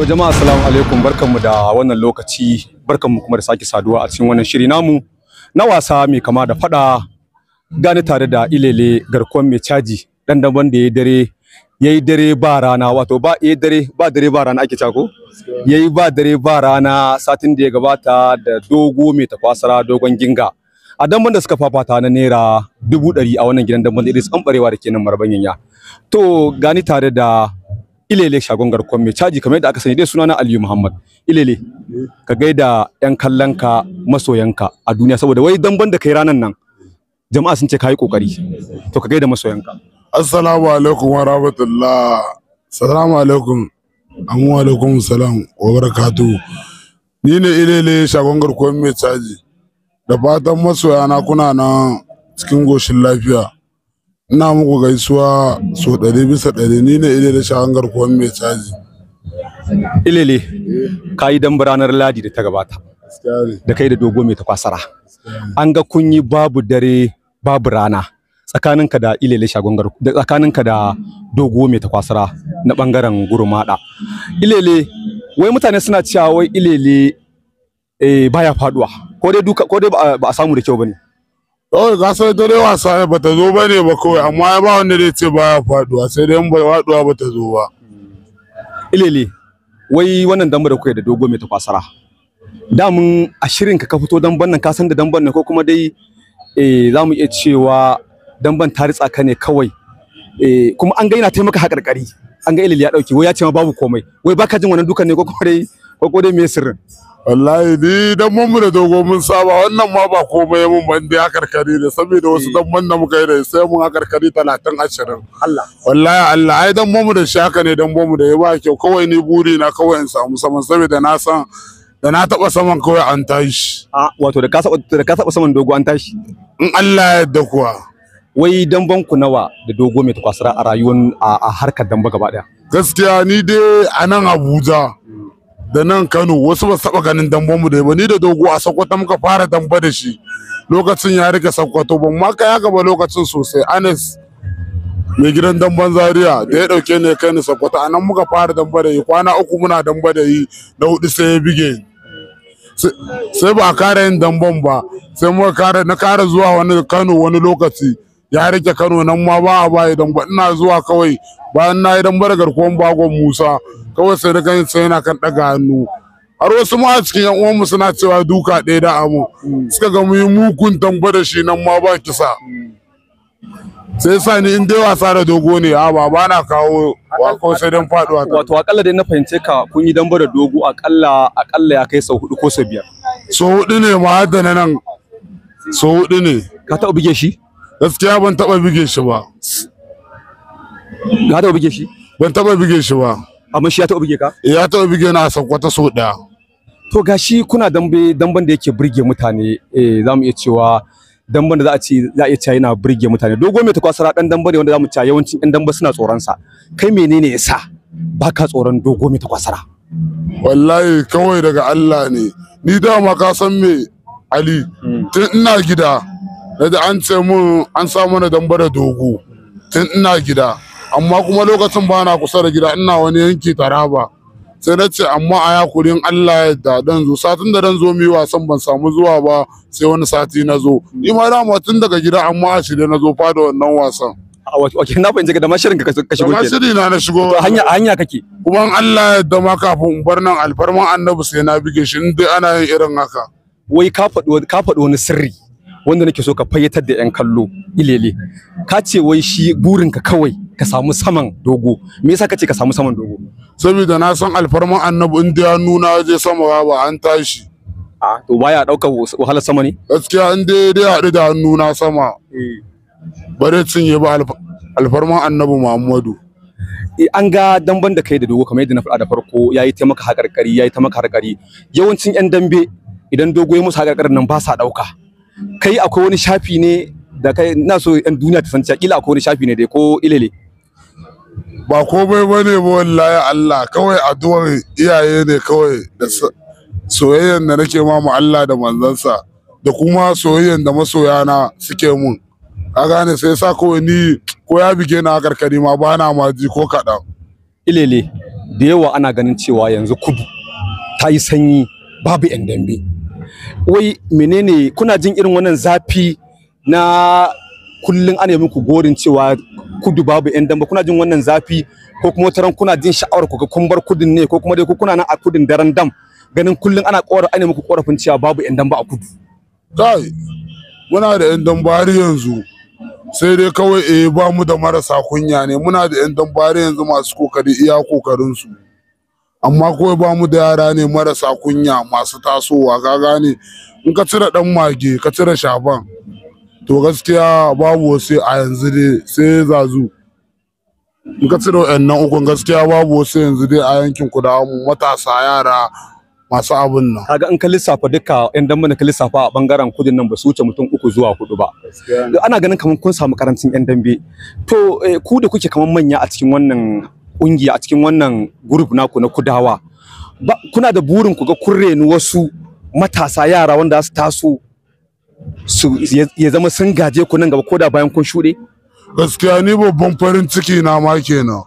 To jama'a assalamu alaikum barkanmu da wannan lokaci barkanmu kuma da sake saduwa a cikin wannan shiri namu na wasa mai kama da fada gani tare da ilele garkuwan mai caji dan daban da yayi dare yayi dare ba rana wato ba yayi dare ba dare ba rana ake cako yayi ba dare ba rana satin da ya gabata da dogo mai tafasara dogon ginga a damban da suka fafata na naira dubu ɗari a wannan gidan damban da Idris an barewa da kenan marban to gani tare da ilele shagon garkon mai caji kamar yadda aka sani dai sunana aliyu muhammad ilele ka gaida yan kallonka masoyanka a duniya saboda wai damban da kai ranan nan jama'a sun ce yi kokari to ka gaida masoyanka assalamu alaikum wa rahmatullah assalamu alaikum amma alaikum salam wa barakatu ni ne ilele shagon garkon mai caji da fatan masoyana kuna nan cikin goshin lafiya ina muku gaisuwa so ɗari bisa ɗari ni ne ilele shahangar kuwan mai caji ilele ka yi dan biranar ladi da ta gabata da kai da dogo mai takwasara an ga kun yi babu dare babu rana tsakaninka da ilele shagongar da tsakaninka da dogo mai takwasara na bangaren gurumada ilele wai mutane suna cewa wai ilele eh, baya faduwa ko dai duka ko dai ba a samu da kyau bane kawai gasar dare wasa ne ta zo ba ne ba kawai amma ba wanda zai ce ba ya faduwa sai dai ba faduwa ta zo ba ilele wai wannan damba da kuka da dogo mai tafasara damun a shirin ka fito damban nan ka san da damban nan ko kuma dai eh za mu iya cewa damban ta ritsa ka ne kawai eh kuma an ga yana taimaka haƙarƙari an ga ilele ya dauke wai ya ce ma babu komai wai baka jin wannan dukan ne ko kuma dai ko dai me sirrin wallahi ni dan mun da dogo mun saba wannan ma ba komai mun ban da karkari ne saboda wasu eh. dan mun da muka yi da sai mun akarkari 30 20 Allah wallahi Allah ai dan mun da shaka ne dan mun da ya ba kyau kawai ni buri na kawai in samu saman saboda na san da na taba saman kawai an tashi a wato da ka saba da ka saba saman dogo an tashi in Allah ya yarda kuwa wai dan ku nawa da dogo mai takwasara a rayuwar a harkar ba gaba daya gaskiya ni dai a nan Abuja da nan Kano wasu ba saba ganin damben mu da ba ni da dogo a Sokoto muka fara damba da shi lokacin ya rika Sokoto ban ma ka haka ba lokacin sosai Anas mai gidan damban Zaria da ya dauke ne kai ni Sokoto a nan muka fara damba da yi kwana uku muna damba da yi na hudu sai ya bige sai ba a kara yin damban ba sai muka kara na kara zuwa wani Kano wani lokaci ya rike Kano nan ma ba a bayi damba ina zuwa kawai bayan na yi damba da garkuwan bagon Musa kawai sai da ganin sai yana kan daga hannu har wasu ma a cikin yan uwanmu suna cewa duka ɗaya da amu suka ga mu yi mugun tamba da shi nan ma ba kisa sai sa ni in dai wasa da dogo ne a ba ba na kawo wako sai dan a wato akalla dai na fahimce ka kun yi damba da dogo akalla akalla ya kai sau hudu ko sau biyar so hudu ne ma hadda na nan so hudu ne ka taɓa bige shi gaskiya ban taɓa bige shi ba ka taɓa bige shi ban taɓa bige shi ba amma shi ya taɓa bige ka ya taɓa bige na sakwata so ɗaya to gashi kuna dambe damban da yake burge mutane eh za mu iya cewa damban da za a ci za a iya cewa yana burge mutane dogo mai takwasara dan damban ne wanda za mu cewa yawancin yan damba suna tsoron sa kai menene yasa baka tsoron dogo mai kwasara? wallahi kawai daga Allah ne ni dama ka san me Ali hmm. tun ina gida da an ce mun an samu na damba da dogo tun ina gida amma kuma lokacin ba na kusa da gida ina wani yanki taraba sai na ce amma a yakurin Allah ya dan zo satin da dan zo mu wasan ban samu zuwa ba sai wani sati na zo ni ma dama tun daga gida amma a shirye na zo fada wannan wasan wace na fahimci da mashirin ka ka shigo kenan mashiri na na shigo hanya hanya kake kuma Allah ya da ma kafin in bar nan alfarman annabi sai na bige shi in dai ana yin irin haka wai ka faɗi ka wani sirri wanda nake so ka fayyatar da 'yan kallo ilele ka ce wai shi burinka kawai ka samu saman dogo me yasa kace ka samu saman dogo saboda na san alfarman annabi in da ya nuna zai sama ba an tashi a to baya dauka wahalar sama ne gaskiya in dai dai haɗu da nuna sama eh. bare yi ba alfarman annabi muhammadu eh, an ga damban da kai da dogo kamar yadda na faɗa da farko yayi ta maka hakarkari yayi ta maka hakarkari yawancin yan dambe idan dogo ya musu hakarkarin nan ba sa dauka kai akwai wani shafi ne da kai na so yan duniya ta san cewa kila akwai wani shafi ne dai ko ilele ba komai ba ne ba wallahi Allah kawai addu'ar iyaye ne kawai da soyayyar da nake ma mu Allah da manzansa da kuma soyayyar da masoyana suke mun a gane sai sa kawai ni ko ya bige na karkari ma ba na ma ko kaɗan. ilele da yawa ana ganin cewa yanzu kudu ta yi sanyi babu yan dambe wai menene kuna jin irin wannan zafi na kullum ana yi muku gorin cewa kudu babu yan damba kuna jin wannan zafi ko kuma wata ran kuna jin sha'awar ku ga kun bar kudin ne ko kuma dai ku kuna nan a kudin daren dam ganin kullun ana kora ana muku ƙorafin cewa babu yan damba a kudu kai muna da yan damba har yanzu sai dai kawai eh ba mu da marasa kunya ne muna da yan damba har yanzu masu kokari iya kokarin su amma kawai ba mu da yara ne marasa kunya masu tasowa ka gane in ka cire dan mage ka cire shaban to gaskiya babu wasu a yanzu dai sai zazu in ka da wa'annan ukun gaskiya babu wasu yanzu dai a yankin ku da matasa yara masu abin nan kaga in ka lissafa duka yan mana ka lissafa a bangaren kudin nan ba su wuce mutum uku zuwa hudu ba ana ganin kamar kun samu karancin yan dambe to eh, ku da kuke kamar manya a cikin wannan kungiya a cikin wannan group naku na kudawa kuna da burin ku ga kun wasu matasa yara wanda su taso su ya zama sun gaje ku nan gaba ko da bayan kun shuɗe? Gaskiya ni babban farin ciki na ma kenan.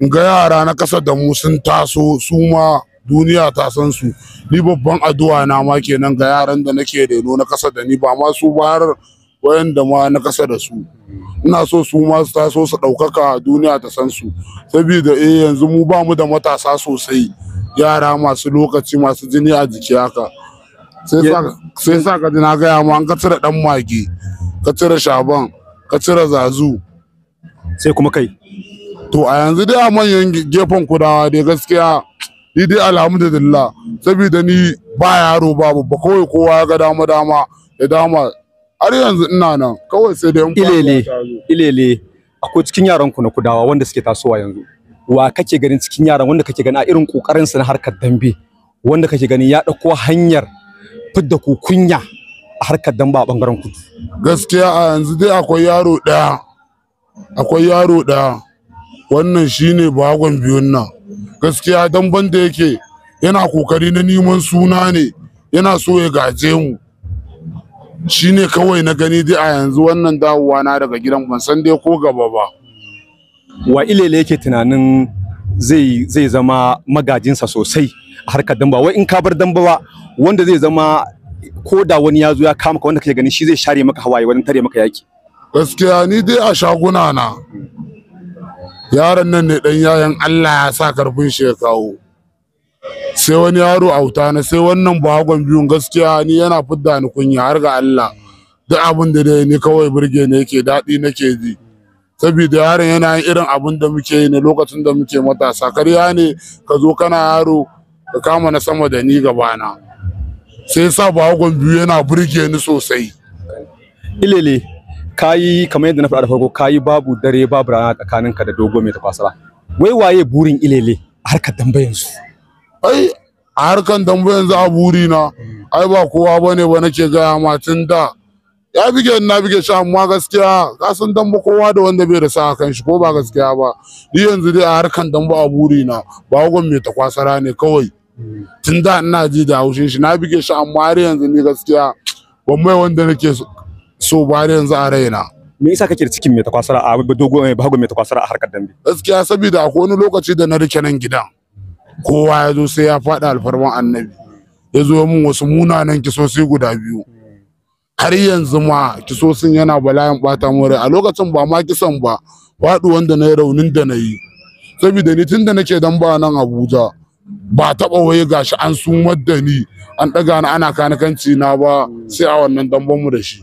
Ga yara na ƙasa da mu sun taso su ma duniya ta san su. Ni babban addu'a na ma kenan ga yaran da nake reno na ƙasa da ni ba ma su ba har da ma na ƙasa da su. Ina so su ma su taso su ɗaukaka duniya ta san su. Saboda eh yanzu mu ba mu da matasa sosai. Yara masu lokaci masu jini a jiki haka. sai sa ka ji na gaya mu an ka cire dan mage ka cire shaban ka cire zazu sai kuma kai to a yanzu dai a manyan gefen kudawa dai gaskiya ni dai alhamdulillah saboda ni ba yaro ba babba kawai kowa ya ga dama dama ya dama har yanzu ina nan kawai sai dai ilele ilele akwai cikin yaran ku na kudawa wanda suke tasowa yanzu wa kake ganin cikin yaran wanda kake gani a irin kokarin su na harkar dambe wanda kake gani ya dauko hanyar fidda ku kunya a harkar damba a bangaren kudu gaskiya a yanzu dai akwai yaro daya akwai yaro daya wannan shine bagon biyun nan gaskiya damban da yake yana kokari na neman suna ne yana so ya gaje mu shine kawai na gani dai a yanzu wannan dawowa na daga gidan ban san dai ko gaba ba wa ilele yake tunanin zai zai zama magajinsa sosai a harkar damba wai in ka bar damba ba wanda zai zama ko da wani ya zo ya kama ka wanda kake gani shi zai share maka hawaye wajen tare maka yaki gaskiya ni dai a shaguna na yaron nan ne dan yayan Allah ya sa karfin shi ya kawo sai wani yaro wuta na sai wannan bagon biyun gaskiya ni yana fidda ni kunya har ga Allah duk abin da dai ni kawai burge ne yake daɗi nake ji saboda yaron yana yin irin abun da muke yi ne lokacin da muke matasa karya ne ka zo kana yaro ka kama na sama da ni gabana sai sa bahagon biyu yana burge ni sosai ilele yi kamar yadda na faɗa da farko yi babu dare babu rana tsakaninka da dogo mai tafasara wai waye burin ilele a harkar dambe yanzu ai a harkar dambe yanzu a buri na ai ba kowa bane ba nake gaya ma tun da ya bige na bige shi amma gaskiya ka san damba kowa da wanda bai da sa kan shi ko ba gaskiya ba ni yanzu dai a harkan damba a buri na ba gon mai tafasara ne kawai tun da ina ji da haushin shi na bige shi amma har yanzu ni gaskiya ban mai wanda nake so ba har yanzu a raina me yasa kake da cikin mai takwasara a dogo eh, mai bahago mai takwasara a harkar dambe gaskiya saboda akwai wani lokaci da na rike nan gidan kowa ya zo sai ya faɗa alfarman annabi ya zo min wasu munanan kisosi guda biyu har yanzu ma kisosin yana bala'in bata more a lokacin ba ma kisan ba faɗuwan wanda na yi raunin da na yi saboda ni tun da nake dan ba nan abuja ba taɓa waye gashi an sumar da ni an ɗaga ni ana kanikanci na ba sai a wannan damban mu da shi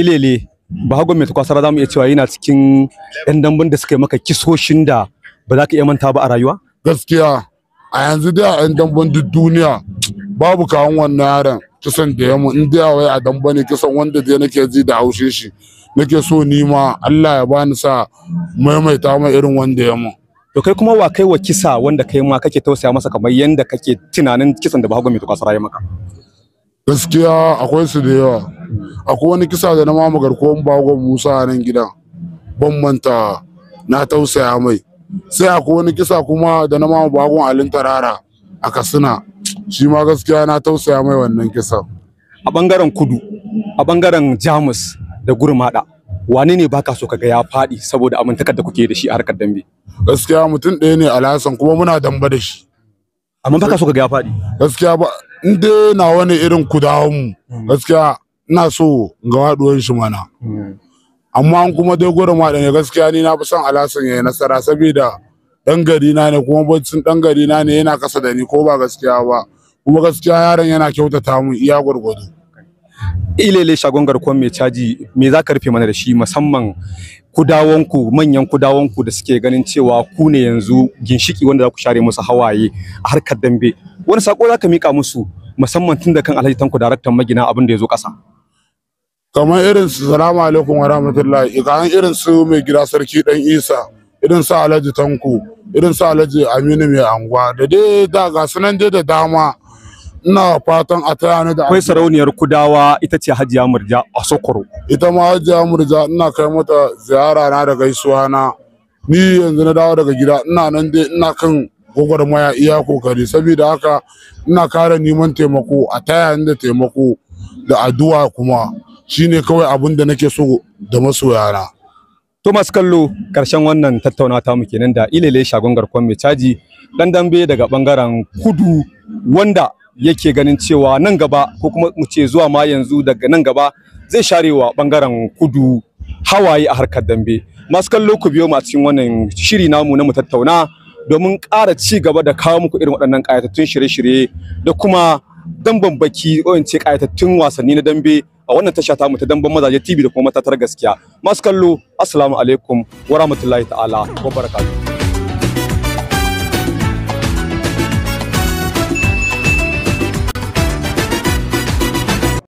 ilele ba hago mai tukwasara za mu iya cewa yana cikin yan damban da suka yi maka kisoshin da ba za ka iya manta ba a rayuwa gaskiya a yanzu da yan damban duk duniya babu kawon wannan yaran kisan da ya in da wai a damban ne kisan wanda dai nake ji da haushe shi nake so ni ma Allah ya bani sa maimaita mai irin wanda ya to kai kuma wa kai wa kisa wanda kai ma kake tausaya masa kamar yanda kake tunanin kisan da bahago mai to kasara maka gaskiya akwai su da yawa akwai wani kisa da na mamu garkuwan bagon musa a nan gidan ban manta na tausaya mai sai akwai wani kisa kuma da na mamu bagon alin tarara a katsina shi ma gaskiya na tausaya mai wannan kisa a bangaren kudu a bangaren jamus da gurmada wane ne baka so kaga ya faɗi saboda amintakar da kuke da shi a harkar dambe gaskiya mutum ɗaya ne alhassan kuma muna damba da shi amma baka so ka ga faɗi gaskiya ba in dai na wani irin kudawun hmm. gaskiya ina so ga waɗuwan shi mana hmm. amma an kuma dai gudun ma ne gaskiya ni na fi son alhassan yi nasara saboda ɗan gari na ne kuma bacin ɗan gari na ne yana kasa da ni ko ba gaskiya ba kuma gaskiya yaron yana kyautata mun iya gwargwado ilele shagon garkon mai caji me za ka rufe mana da shi musamman kudawonku manyan kudawonku da suke ganin cewa ku ne yanzu ginshiki wanda za ku share musu hawaye a harkar dambe wani sako za ka mika musu musamman tun da kan alhaji tanku daraktan magina abin da ya zo ƙasa kamar irin su salamu alaikum wa rahmatullahi kamar irin su mai gida sarki dan isa irin su alhaji tanku irin su alhaji aminu mai anguwa da dai da ga sunan da dama ina fatan a taya ni da akwai sarauniyar kudawa ita ce hajiya murja a sokoro ita ma hajiya murja ina kai mata ziyara na da gaisuwa na ni yanzu na dawo daga gida ina nan dai ina kan gwagwarmaya iya kokari saboda haka ina kara neman taimako a taya ni da taimako da addu'a kuma shine kawai abin da nake so da masoyana thomas kallo karshen wannan tattauna ta mu kenan da ilele shagon garkon mai caji dan dambe daga bangaren kudu wanda yake ganin cewa nan gaba ko kuma mu ce zuwa ma yanzu daga nan gaba zai sharewa bangaren kudu hawaye a harkar dambe masu kallo ku biyo mu cikin wannan shiri namu na mu tattauna domin ƙara ci gaba da kawo muku irin waɗannan ƙayatattun shirye-shirye da kuma damban baki ƙayatattun wasanni na dambe a wannan tasha ta mu ta damban mazaje TV da kuma matatar gaskiya masu kallo assalamu alaikum wa rahmatullahi ta'ala wa barakatuh